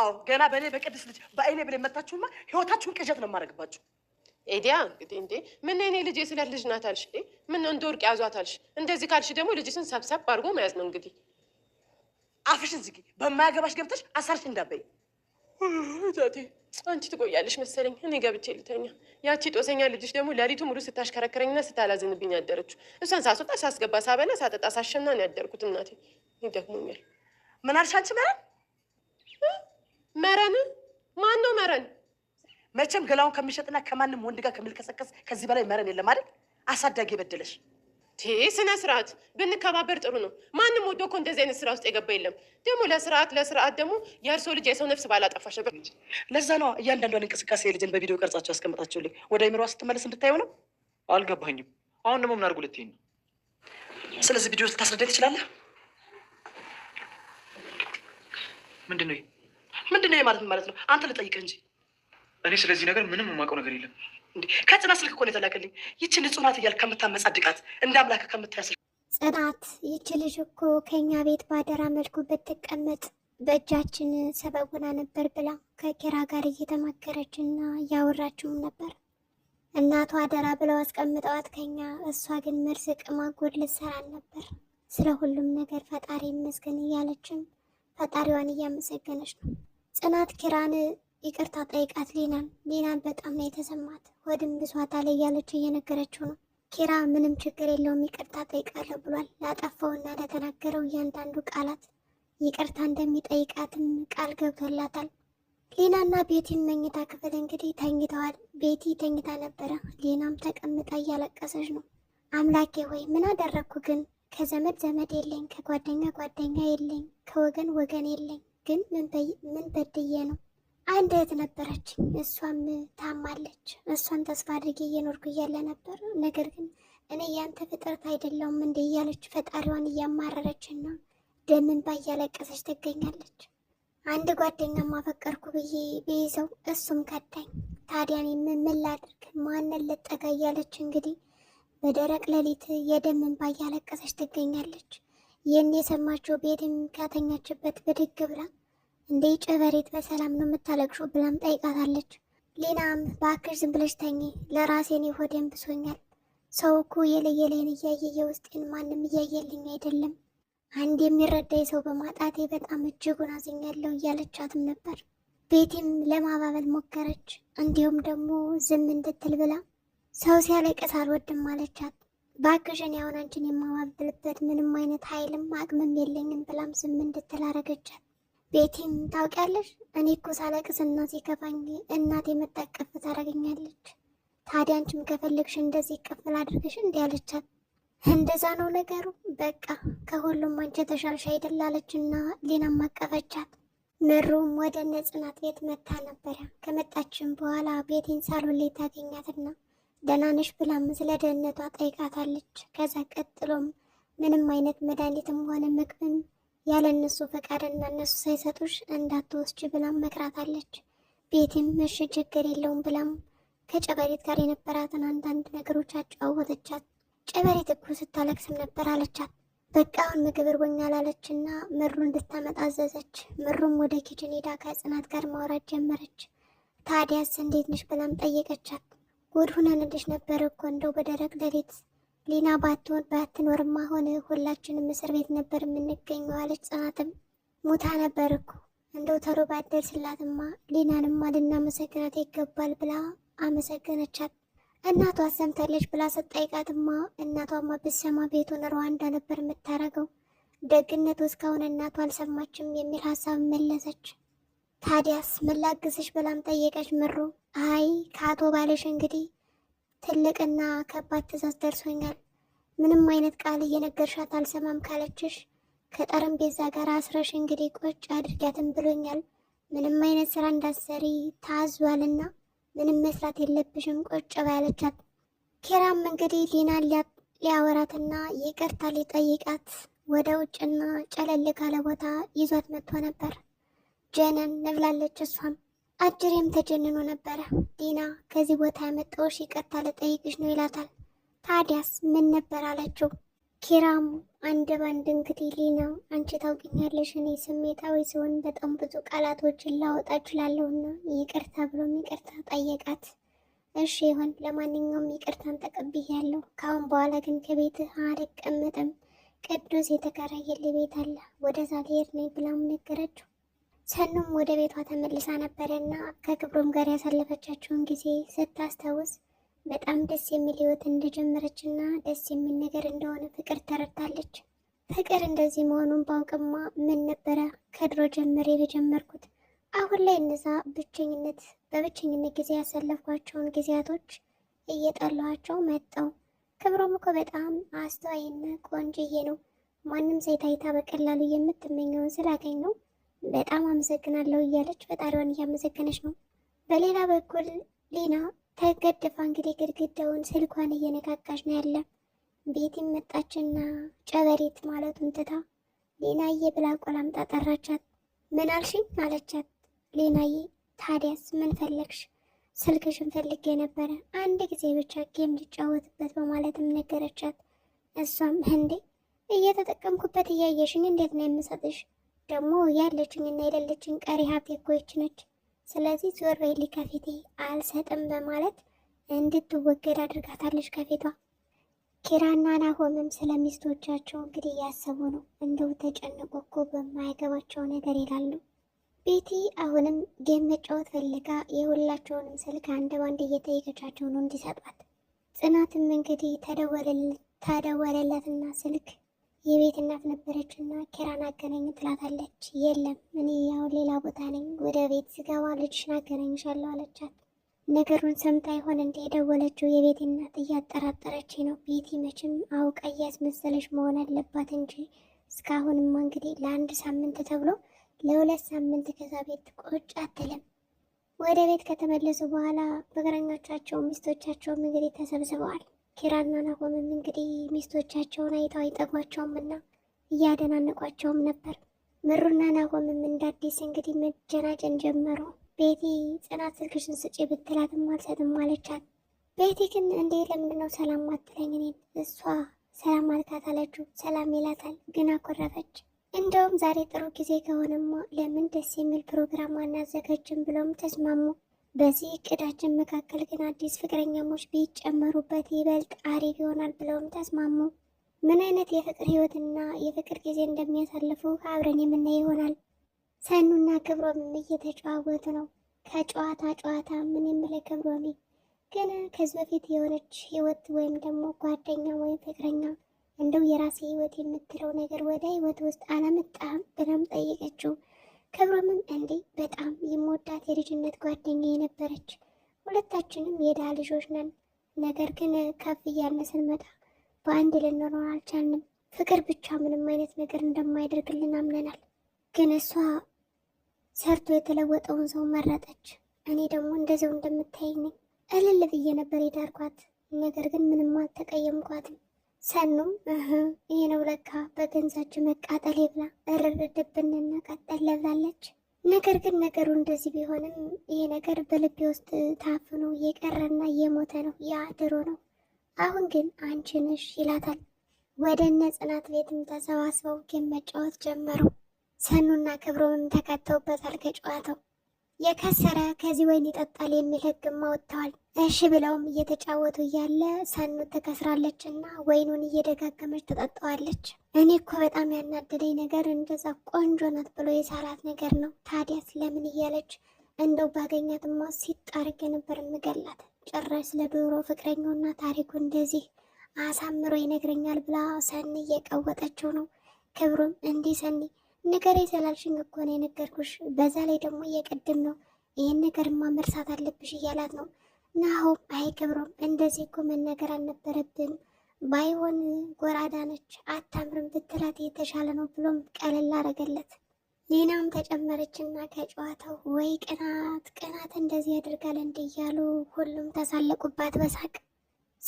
አዎ ገና በእኔ በቅድስት ልጅ በአይኔ ብለ መታችሁማ፣ ህይወታችሁን ቅዠት ነው የማደርግባችሁ። ኤዲያ እንግዲህ እንዴ ምን እኔ ልጅ ስለት ልጅ ናት አልሽ? ምን እንደ ወርቅ ያዟት አልሽ? እንደዚህ ካልሽ ደግሞ ልጅሽን ሰብሰብ አድርጎ መያዝ ነው እንግዲህ። አፍሽን ዝጊ፣ በማያገባሽ ገብተሽ አሳርሽ እንዳበይ ዛቴ አንቺ ትቆያለሽ መሰለኝ። እኔ ገብቼ ልተኛ። ያቺ ጦሰኛ ልጅሽ ደግሞ ለሊቱ ሙሉ ስታሽከረከረኝና ስታላዝንብኝ ያደረችው እሷን ሳስወጣ ሳስገባ፣ ሳበላ፣ ሳጠጣ፣ ሳሸና ነው ያደርኩት። እናቴ ይደክሞኛል። ምን አልሽ አንቺ? መረን ማን ነው መረን? መቼም ገላውን ከሚሸጥና ከማንም ወንድ ጋር ከሚልከሰከስ ከዚህ በላይ መረን የለም አይደል? አሳዳጊ የበደለሽ ስነ ስርዓት ብንከባበር ጥሩ ነው። ማንም ወዶ እኮ እንደዚህ አይነት ስራ ውስጥ የገባ የለም። ደግሞ ለስርዓት ለስርዓት ደግሞ የእርሶ ልጅ የሰው ነፍስ ባላጠፋሽ ነበር። ለዛ ነው እያንዳንዷን እንቅስቃሴ ልጅን በቪዲዮ ቀርጻቸው ያስቀምጣችሁልኝ ወደ አይምሯ ስትመለስ እንድታየው ነው። አልገባኝም። አሁን ደግሞ ምን አድርጉ ልትይኝ ነው? ስለዚህ ቪዲዮ ልታስረዳኝ ትችላለህ? ምንድን ነው ምንድን ነው ማለት ማለት ነው? አንተ ልጠይቅህ እንጂ እኔ ስለዚህ ነገር ምንም የማውቀው ነገር የለም። እንዴ ከጽና ስልክ እኮ ነው የተላከልኝ። ይቺ ንጹህ ናት እያልክ ከምታመጻድቃት እንደ አምላክ ከምታያስል ጽናት፣ ይቺ ልጅ እኮ ከእኛ ቤት በአደራ መልኩ ብትቀመጥ በእጃችን ሰበቡና ነበር ብላ ከኪራ ጋር እየተማከረች እና እያወራችውም ነበር። እናቷ አደራ ብለው አስቀምጠዋት ከኛ፣ እሷ ግን መርዝ ቅማ ጎድ ልሰራን ነበር። ስለ ሁሉም ነገር ፈጣሪ ይመስገን እያለችም ፈጣሪዋን እያመሰገነች ነው። ጽናት ኪራን ይቅርታ ጠይቃት ሊናን ሊናን በጣም ነው የተሰማት። ወድም ብሷታ ላይ እያለችው እየነገረችው ነው። ኪራ ምንም ችግር የለውም ይቅርታ ጠይቃለሁ ብሏል። ላጠፋውና ለተናገረው እያንዳንዱ ቃላት ይቅርታ እንደሚጠይቃትም ቃል ገብቶላታል። ሊናና ቤቲን መኝታ ክፍል እንግዲህ ተኝተዋል። ቤቲ ተኝታ ነበረ። ሊናም ተቀምጣ እያለቀሰች ነው። አምላኬ ወይ ምን አደረግኩ ግን? ከዘመድ ዘመድ የለኝ፣ ከጓደኛ ጓደኛ የለኝ፣ ከወገን ወገን የለኝ ግን ምን በድዬ ነው? አንድ እህት ነበረች፣ እሷም ታማለች። እሷን ተስፋ አድርጌ እየኖርኩ እያለ ነበር። ነገር ግን እኔ ያንተ ፍጥረት አይደለውም እንደ እያለች ፈጣሪዋን እያማረረችና ደም እንባ እያለቀሰች ትገኛለች። አንድ ጓደኛ ማፈቀርኩ ብዬ ብይዘው እሱም ከዳኝ። ታዲያን እኔ ምን ላድርግ? ማንን ልጠጋ? እያለች እንግዲህ በደረቅ ሌሊት የደምን ባያለቀሰች ትገኛለች። ይህን የሰማችው ቤትም ካተኛችበት ብድግ ብላ እንዴ ጨበሬት በሰላም ነው የምታለቅሹ? ብላም ጠይቃታለች። ሊናም በአክሽ ዝም ብለሽ ተኝ፣ ለራሴን ሆዴን ብሶኛል። ሰው እኮ የለየለን እያየ የውስጤን ማንም እያየልኝ አይደለም፣ አንድ የሚረዳኝ ሰው በማጣቴ በጣም እጅጉን አዝኛለሁ እያለቻትም ነበር። ቤቲም ለማባበል ሞከረች፣ እንዲሁም ደግሞ ዝም እንድትል ብላ ሰው ሲያለቅስ አልወድም አለቻት። ባክሽን ያሁን አንቺን የማባብልበት ምንም አይነት ኃይልም አቅምም የለኝም ብላም ዝም እንድትል አረገቻት። ቤቴም ታውቂያለሽ፣ እኔ እኮ ሳለቅስ እና ሲከፋኝ እናቴ የምጠቀፍ ታደርገኛለች። ታዲያ አንቺም ከፈለግሽ እንደዚህ ቅፍል አድርገሽ እንዲህ አለቻት። እንደዛ ነው ነገሩ፣ በቃ ከሁሉም አንቺ ተሻልሽ አይደል አለችና ሌናም አቀፈቻት። ምሩም ወደ እነ ጽናት ቤት መታ ነበረ። ከመጣችን በኋላ ቤቴን ሳሎን ላይ ታገኛትና ደህና ነሽ ብላም ስለ ደህንነቷ ጠይቃታለች። ከዛ ቀጥሎም ምንም አይነት መድኃኒትም ሆነ ምግብም ያለ እነሱ ፈቃድና እነሱ ሳይሰጡሽ እንዳትወስጅ ብላም መክራታለች። ቤትም መሽ ችግር የለውም ብላም ከጨበሬት ጋር የነበራትን አንዳንድ ነገሮች አጫወተቻት። ጨበሬት እኮ ስታለቅስም ነበር አለቻት። በቃ አሁን ምግብ እርቦኛል አለችና ምሩ እንድታመጣ አዘዘች። ምሩም ወደ ኪችን ሄዳ ከጽናት ጋር ማውራት ጀመረች። ታዲያስ እንዴት ነሽ ብላም ጠየቀቻት። ውድ ሁነንልሽ ነበር እኮ እንደው በደረቅ ሌሊት ሊና ባትሆን ባትኖርማ ሆነ ሁላችንም እስር ቤት ነበር የምንገኘው አለች። ጽናትም ሙታ ነበር እኮ እንደው ተሎ ባደርስላትማ ሊናንማ ልናመሰግናት ይገባል ብላ አመሰገነቻት። እናቷ ሰምታለች ብላ ስጠይቃትማ እናቷማ ብትሰማ ቤቱን ሩዋንዳ ነበር የምታረገው። ደግነቱ እስካሁን እናቷ አልሰማችም የሚል ሀሳብ መለሰች። ታዲያስ ምን ላግዝሽ ብላም ጠየቀች ምሩ። አይ ከአቶ ባለሽ እንግዲህ ትልቅና ከባድ ትዕዛዝ ደርሶኛል፣ ምንም አይነት ቃል እየነገርሻት አልሰማም ካለችሽ ከጠረጴዛ ጋር አስረሽ እንግዲህ ቁጭ አድርጊያትም ብሎኛል። ምንም አይነት ስራ እንዳሰሪ ታዟልና ምንም መስራት የለብሽም ቁጭ ባያለቻት። ኬራም እንግዲህ ሊናን ሊያወራትና ይቅርታ ሊጠይቃት ወደ ውጭና ጨለል ካለ ቦታ ይዟት መጥቶ ነበር። ጀነን ነብላለች። እሷም አጅሬም ተጀንኖ ነበረ። ዲና ከዚህ ቦታ ያመጣሁሽ ይቅርታ ልጠይቅሽ ነው ይላታል። ታዲያስ ምን ነበር አለችው። ኪራሙ አንድ ባንድ እንግዲህ ሊና አንቺ ታውቂኛለሽ፣ እኔ ስሜታዊ ሲሆን በጣም ብዙ ቃላቶችን ላወጣ እችላለሁና ይቅርታ ብሎም ይቅርታ ጠየቃት። እሺ ይሆን ለማንኛውም ይቅርታን ተቀብያለሁ። ከአሁን በኋላ ግን ከቤትህ አልቀመጥም። ቅዱስ የተከራየልኝ ቤት አለ፣ ወደዛ ልሄድ ነኝ ብላም ነገረችው። ሰኑም ወደ ቤቷ ተመልሳ ነበረና ከክብሮም ጋር ያሳለፈቻቸውን ጊዜ ስታስታውስ በጣም ደስ የሚል ህይወት እንደጀመረችና ደስ የሚል ነገር እንደሆነ ፍቅር ተረድታለች። ፍቅር እንደዚህ መሆኑን ባውቅማ ምን ነበረ ከድሮ ጀምሬ የጀመርኩት። አሁን ላይ እነዛ ብቸኝነት በብቸኝነት ጊዜ ያሳለፍኳቸውን ጊዜያቶች እየጠላኋቸው መጣው። ክብሮም እኮ በጣም አስተዋይና ቆንጅዬ ነው። ማንም ሴት አይታ በቀላሉ የምትመኘውን ስላገኘው በጣም አመሰግናለሁ እያለች ፈጣሪዋን እያመሰገነች ነው። በሌላ በኩል ሊና ተገድፋ እንግዲህ ግድግዳውን ስልኳን እየነካካች ነው ያለ። ቤት መጣችና ጨበሬት ማለቱን ትታ ሊናዬ ብላ ቆላምጣ ጠራቻት። ምን አልሽኝ አለቻት። ሊናዬ ታዲያስ ምን ፈለግሽ? ስልክሽን ፈልጌ ነበረ አንድ ጊዜ ብቻ ጌም ልጫወትበት በማለትም ነገረቻት። እሷም እንዴ እየተጠቀምኩበት እያየሽኝ እንዴት ነው የምሰጥሽ ደግሞ ያለችኝ እና የሌለችኝ ቀሪ ሀብቴ እኮ ይች ነች። ስለዚህ ዞር ሊ ከፊቴ አልሰጥም በማለት እንድትወገድ አድርጋታለች ከፊቷ። ኪራና ናሆምም ስለ ሚስቶቻቸው እንግዲህ እያሰቡ ነው። እንደው ተጨንቆ እኮ በማይገባቸው ነገር ይላሉ። ቤቲ አሁንም ጌም መጫወት ፈልጋ የሁላቸውንም ስልክ አንድ ባንድ እየጠየቀቻቸው ነው እንዲሰጧት። ጽናትም እንግዲህ ተደወለለትና ስልክ የቤት እናት ነበረች እና ኪራን አገናኝ ትላታለች። የለም እኔ ያው ሌላ ቦታ ነኝ፣ ወደ ቤት ስገባ ልጅሽን አገናኝሻለሁ አለቻት። ነገሩን ሰምታ ይሆን እንደ የደወለችው የቤት እናት እያጠራጠረች ነው። ቤቲ መቼም አውቃ እያስመሰለች መሆን አለባት እንጂ እስካሁንማ እንግዲህ ለአንድ ሳምንት ተብሎ ለሁለት ሳምንት ከዛ ቤት ቁጭ አትልም። ወደ ቤት ከተመለሱ በኋላ ፍቅረኞቻቸው ሚስቶቻቸውም እንግዲህ ተሰብስበዋል። ኪራና ናሆምም እንግዲህ ሚስቶቻቸውን አይተው አይጠጓቸውም እና እያደናነቋቸውም ነበር። ምሩና ናሆምም እንደ አዲስ እንግዲህ መጀናጨን ጀመሩ። ቤቲ ጽናት ስልክሽን ስጪ ብትላትም አልሰጥም አለቻት። ቤቲ ግን እንዴ ለምንድን ሰላም አትለኝ? እኔን እሷ ሰላም አልካት አለችው። ሰላም ይላታል ግን አኮረፈች። እንደውም ዛሬ ጥሩ ጊዜ ከሆነማ ለምን ደስ የሚል ፕሮግራም አናዘጋጅም ብለውም ተስማሙ። በዚህ እቅዳችን መካከል ግን አዲስ ፍቅረኛሞች ቢጨመሩበት ይበልጥ አሪፍ ይሆናል ብለውም ተስማሙ። ምን አይነት የፍቅር ህይወትና የፍቅር ጊዜ እንደሚያሳልፉ አብረን የምናይ ይሆናል። ሰኑና ክብሮም እየተጫወቱ ነው። ከጨዋታ ጨዋታ ምን የምለ ክብሮሚ ግን ከዚህ በፊት የሆነች ህይወት ወይም ደግሞ ጓደኛ ወይም ፍቅረኛ እንደው የራሴ ህይወት የምትለው ነገር ወደ ህይወት ውስጥ አለመጣም ብላም ጠይቀችው። ክብሮምም እንዴ በጣም የምወዳት የልጅነት ጓደኛ የነበረች ሁለታችንም የዳ ልጆች ነን። ነገር ግን ከፍ እያልን ስንመጣ በአንድ ልንኖር አልቻልንም። ፍቅር ብቻ ምንም አይነት ነገር እንደማያደርግልን አምነናል። ግን እሷ ሰርቶ የተለወጠውን ሰው መረጠች። እኔ ደግሞ እንደዚው እንደምታይኝ እልል ብዬ ነበር የዳርኳት። ነገር ግን ምንም አልተቀየምኳትም። ሰኑም ይሄ ነው ለካ በገንዛችን መቃጠል የብላ እርርድብንና ቀጠል ለብላለች። ነገር ግን ነገሩ እንደዚህ ቢሆንም ይሄ ነገር በልቤ ውስጥ ታፍኖ የቀረና የሞተ ነው፣ ያ ድሮ ነው። አሁን ግን አንቺ ነሽ ይላታል። ወደ እነ ጽናት ቤትም ተሰባስበው ግን መጫወት ጀመሩ። ሰኑና ክብሮምም ተከተውበታል ከጨዋታው የከሰረ ከዚህ ወይን ይጠጣል የሚል ሕግም አወጥተዋል። እሺ ብለውም እየተጫወቱ እያለ ሰኑ ትከስራለች እና ወይኑን እየደጋገመች ተጠጣዋለች። እኔ እኮ በጣም ያናደደኝ ነገር እንደዛ ቆንጆ ናት ብሎ የሳራት ነገር ነው። ታዲያስ ለምን እያለች እንደው ባገኛትማ ሲጣርግ ነበር የምገላት። ጭራሽ ስለ ዶሮ ፍቅረኛውና ታሪኩ እንደዚህ አሳምሮ ይነግረኛል ብላ ሰኒ እየቀወጠችው ነው። ክብሩም እንዲህ ሰኒ ነገር ስላልሽኝ እኮ ነው የነገርኩሽ። በዛ ላይ ደግሞ እየቀድም ነው ይህን ነገርማ መርሳት አለብሽ እያላት ነው ናሆም። አይ ክብሮም፣ እንደዚህ እኮ መናገር አልነበረብን ባይሆን ጎራዳ ነች አታምርም ብትላት የተሻለ ነው ብሎም ቀለል አረገለት። ሌናም ተጨመረችና ከጨዋታው ወይ ቅናት ቅናት እንደዚህ ያደርጋል እንዲህ ሁሉም ተሳለቁባት በሳቅ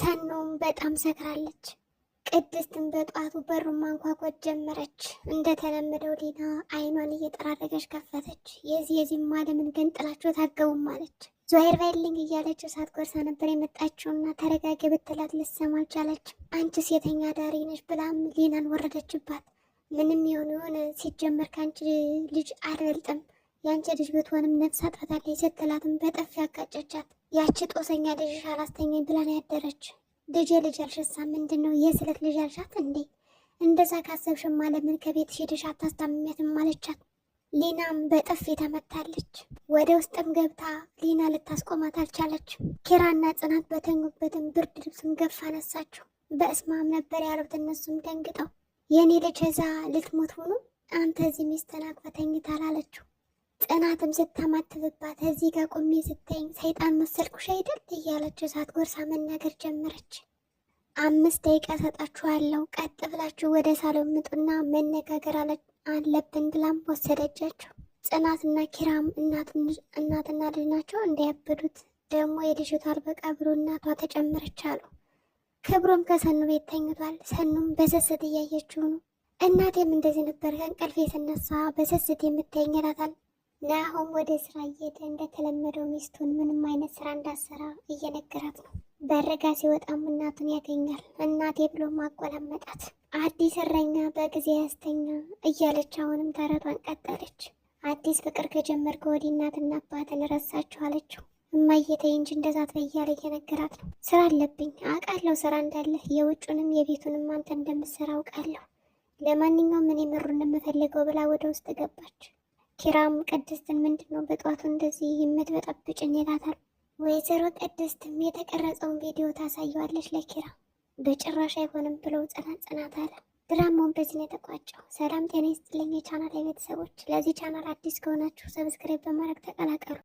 ሰኖም በጣም ሰክራለች። ቅድስትን በጧቱ በሩን ማንኳኳት ጀመረች። እንደተለመደው ሌና አይኗን እየጠራረገች ከፈተች። የዚህ የዚህማ ለምን ጥላቸው ታገቡም አለች። ዙዋይር ባይልኝ እያለች እሳት ጎርሳ ነበር የመጣችውና ተረጋጊ ብትላት ልትሰማ አልቻለች። አንቺ ሴተኛ ዳሪ ነች ብላም ሌናን ወረደችባት። ምንም የሆነ የሆነ ሲጀመር ከአንቺ ልጅ አልበልጥም የአንቺ ልጅ ብትሆንም ነፍስ አጣታለች ስትላትም በጥፊ ያጋጨቻት። ያቺ ጦሰኛ ልጅሽ አላስተኛኝ ብላን ያደረች ልጄ ልጅ ያልሽሳ ምንድን ነው የስለት ልጅ አልሻት እንዴ? እንደዛ ካሰብሽማ ለምን ከቤት ሄደሽ አታስታምሚያትም? አለቻት። ሊናም በጥፊ ተመታለች። ወደ ውስጥም ገብታ ሊና ልታስቆማት አልቻለች። ኪራና ጽናት በተኙበትም ብርድ ልብስም ገፍ አነሳችው በእስማም ነበር ያሉት። እነሱም ደንግጠው የእኔ ልጅ እዛ ልትሞት ሆኖ አንተ እዚህ ሚስትህን አቅፈህ አለችው። ጽናትም ስታማትብባት እዚህ ጋር ቆሜ ስታይኝ ሰይጣን መሰልኩሽ አይደል እያለችው እሳት ጎርሳ መናገር ጀመረች። አምስት ደቂቃ ሰጣችኋለሁ፣ ቀጥ ብላችሁ ወደ ሳሎን ምጡና መነጋገር አለብን ብላም ወሰደቻቸው። ጽናትና ኪራም እናትና ልጅ ናቸው እንዳያበዱት ደግሞ የልጅቷ አልበቃ ብሎ እናቷ ተጨምረች አሉ። ክብሮም ከሰኑ ቤት ተኝቷል። ሰኑም በስስት እያየችው ነው። እናቴም እንደዚህ ነበር ከእንቅልፌ ስነሳ በስስት የምታይኝ ይላታል። ናሆም ወደ ስራ እየሄደ እንደተለመደው ሚስቱን ምንም አይነት ስራ እንዳሰራ እየነገራት ነው። በረጋ ሲወጣም እናቱን ያገኛል። እናቴ ብሎ ማቆላመጣት አዲስ እረኛ በጊዜ ያስተኛ እያለች አሁንም ተረቷን ቀጠለች። አዲስ ፍቅር ከጀመር ወዲህ እናትና አባትን ረሳችሁ አለችው። እማየተይ እንጂ እንደዛ ትበይ እያለ እየነገራት ነው። ስራ አለብኝ አውቃለሁ፣ ስራ እንዳለ የውጩንም የቤቱንም አንተ እንደምትሰራ አውቃለሁ። ለማንኛውም እኔ ምሩን የምፈልገው ብላ ወደ ውስጥ ገባች። ኪራም ቅድስትን ምንድን ነው በጠዋቱ እንደዚህ የምትበጠብጭኝ ይላታል። ወይዘሮ ቅድስትም የተቀረጸውን ቪዲዮ ታሳየዋለች ለኪራ። በጭራሽ አይሆንም ብለው ጽናት ጽናት አለ። ድራማውን በዚህ ነው የተቋጨው። ሰላም ጤና ይስጥልኝ የቻናል ቤተሰቦች። ለዚህ ቻናል አዲስ ከሆናችሁ ሰብስክራይብ በማድረግ ተቀላቀሉ።